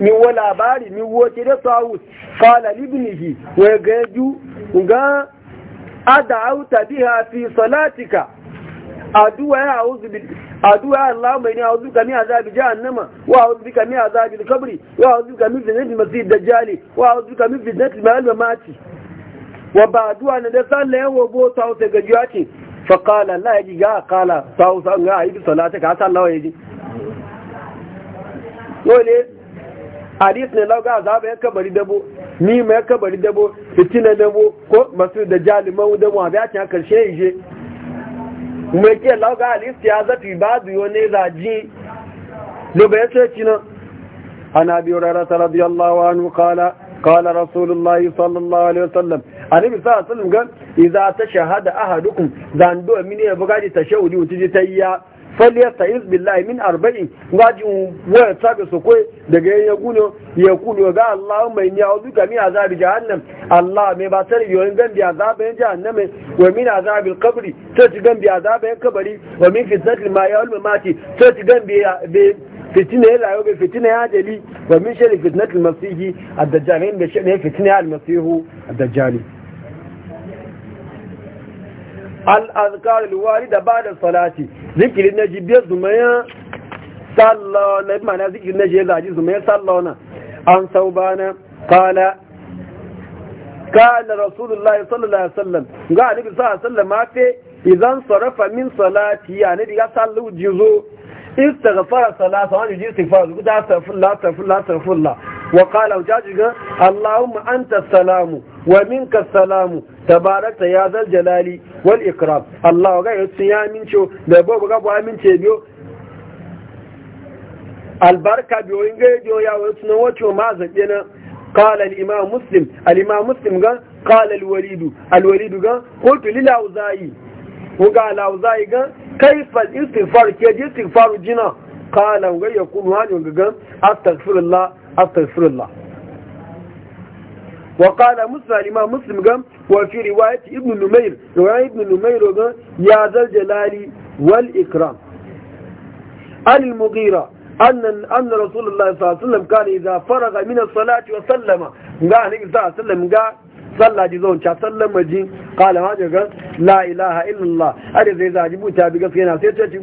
ni wa labari ni wote da tawus qala libnihi wa gaju ga ad'auta biha fi salatika addu'a ya a'udhu bi addu'a Allahumma inni a'udhu bika min azabi jahannama wa a'udhu bika ni azabi al-qabri wa a'udhu bika min fitnati al-masih ad-dajjal wa a'udhu bika min fitnati al-mahal wa mati wa ba'du'a na da sallayen wa bo ta wata gajiya fa qala la yaji ga qala ta wata ga ayi salataka ta Allah yaji dole hadith ne lauga azaba ya kabari dabo ni mai kabari dabo fitina dabo ko masu da jaliman dabo a biya cikin karshe ije mai ke lauga halittu ya zafi ba zuwa ne zaji da bayan sai Ana an abi rarata radiyallahu anhu kala kala rasulullah sallallahu alaihi wasallam a bi sallallahu alaihi wasallam gan iza ta shahada ahadukum do mini ya bugaji ta shahudi wuce ta yi ya faliyarta iz billahi min arba'in gajin waya sabi su kwai daga yin ya guno ya kuno ga Allah mai ni a duka min azabi jahannam Allah mai ba tare gan gambi azabin jahannam wa min azabil qabri ta ci gambi azabin kabari wa min fitnatil ma ya ulma mati ta ci gambi fitina ya rayu bai fitina ya jali wa min shari fitnatil masihi ad-dajjal ne fitina al-masihu ad-dajjali al'azkar luwari da ba da salati zikirin na jibiyar zumayen sallona bi mana zikirin na jibiyar zaji zumayen sallona an sau ba na kala kala rasulullahi sallallahu alaihi wasallam ga anabi sallallahu alaihi wasallam ma fe idan sarrafa min salati anabi ya sallu jizo istighfar salatu wani ji istighfar ku da astaghfirullah astaghfirullah astaghfirullah wa qala wajajiga allahumma anta salamu wa minka salamu tabarakta ya zal jalali wal ikram Allah ga yau sun ya amince da ba ga ba amince biyo albarka biyo in ga yo ya wa sunan wato ma zabe na qala al imam muslim al imam muslim ga qala al walid al walid ga qultu lil auzai ko ga al auzai ga kayfa al istighfar ke istighfaru jina qala ga yakunu hanu ga astaghfirullah astaghfirullah وقال مسلم الإمام مسلم قام وفي رواية ابن نمير رواية ابن نمير قام يا ذا الجلال والإكرام عن المغيرة أن أن رسول الله صلى الله عليه وسلم كان إذا فرغ من الصلاة وسلم قال النبي صلى الله عليه وسلم قال صلى جزون شا صلى مجين قال ما لا إله إلا الله أريد إذا جبوتها بقصينا سيتشتم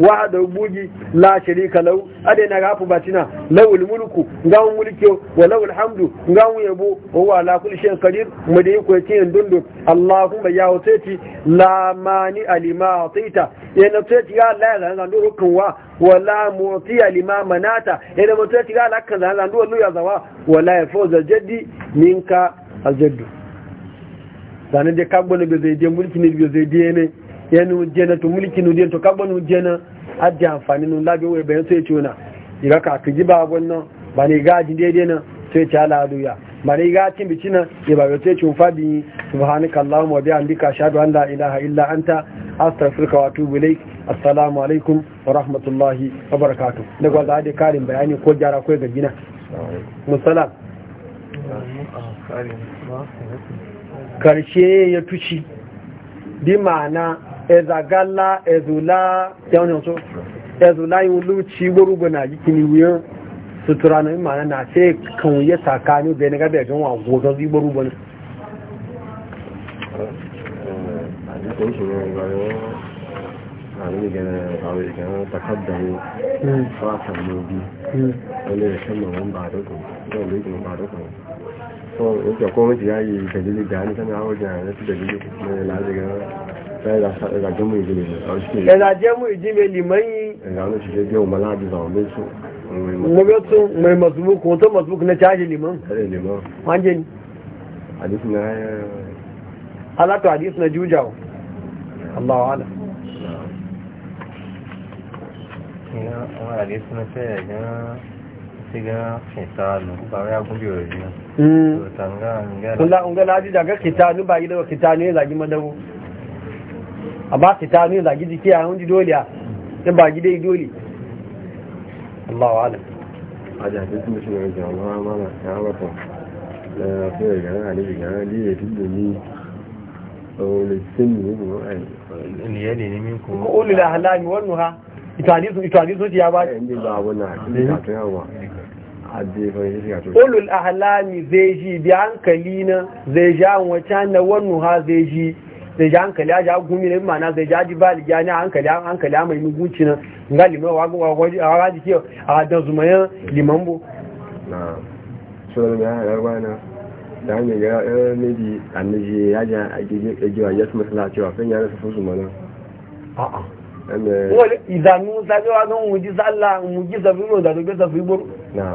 wa da bugi la sharika ade na gafu batina lawul mulku ngawun mulkiyo wa lawul hamdu ngawun yabo huwa la kulli shay'in qadir mu da yiko yake dundu allahumma ya wasati la mani alima atita yana tsaci ga Allah ya zan duro wa la mu'ti alima manata yana mutaci ga Allah kan zan duro ya zawa la yafuza jaddi minka aljaddu sanin da kagbon da zai je mulki ne zai je ne yanu jena to mulki nu jena to kagbo nu jena addi amfani nu labi wai bayan sai ce iga ka kiji ba gwanna ba ne ga ji daidai na sai ce ala aduya ba ne ga cin bici na ya ba sai ce fa bi subhanaka allahumma wa bihamdika ashhadu an la ilaha illa anta astaghfiruka wa atubu ilaik assalamu alaikum wa rahmatullahi wa barakatuh da gwa da karin bayani ko gyara ko ga gina musallam karshe ya tuci bi ma'ana ezagala ezula yawon so ezula yin luci gburugbun na jikini wuyan sutura na imana na ce kan wuye tsakani bai na gabe gan wa gogon zai gburugbun àmì gẹ̀rẹ̀ àwọn ìgbẹ̀rẹ̀ takọ́dàrí fún àtàrí obi ẹlẹ́ ìṣẹ́mọ̀ wọn bá àdókùn náà lóògùn bá àdókùn fún ìjọkọ́ méjì ayé ìgbẹ̀lẹ́lẹ́gbẹ̀ àníkẹ́ ní àwọn ìgbẹ̀rẹ̀ tí ìgbẹ̀lẹ́lẹ́gbẹ̀ ẹ̀dàjẹ́mú ìjímẹ̀ lìmọ́yìn mọ́bẹ́tún mọ́ ìmọ̀sùmùkù tó mọ̀sùmùkù ní ṣáàṣì lìmọ́ wọ́n jẹ́ ni alátọ̀ àdísùn ẹjú ìjà ọ̀ aláwọ̀hálà wọ́n àdísùn ẹ̀ṣẹ́ ẹ̀gán sí gan kìtàánù bàrí agúnbíò rẹ̀ náà amma su ta nuna zagi jiki a hundi dole a ɗin ba yi dole Allah wa ala a jihadisun da shigar jama'a ma na kyamata na fiye da gana da gana da ya tudu ni olisin ne mu a ne ya ne min ko ulu da halami wannan ha itali sun ya ba ne ba wannan ne ta yawa ulul ahlami zai ji bi hankali na zai ja wancan na wannan ha zai ji zai ji hankali ya ji gumi na mana zai ji bali ya ne hankali hankali ya mai nuguci nan ga liman wa waji ke a da zumayen liman bu na sunan ya yarba na da hanyar ya nabi annabi ya ji a gejewa ya su masala cewa kan yana sufin su mana a'a wani idanu sabi wa gan wuji sallah wuji zafi da dobe zafi buru na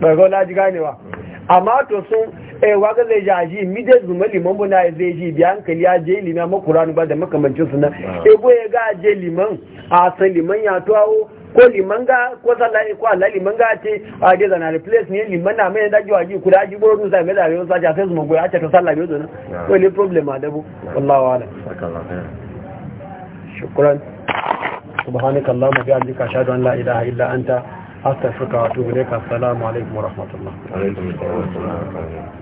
ɓargo laji ganewa mm. amma to sun eh waga zai ji aji mi dai zuma liman bu na zai ji bi hankali ya je liman ma qur'ani ba da makamancin suna ah. e go ya ga je liman a san liman ya tawo ko liman ga ko sallah ko Allah liman ga ce a dai zana replace ne liman na mai daji waji ku ji boro du sai mai da yau sai sai zuma goya ta sallah bai zuna ah. ko ne problem a dabu wallahi wala shukran subhanakallahumma bihamdika ashhadu an la ilaha illa anta أستغفرك وأتوب إليك السلام عليكم ورحمة الله.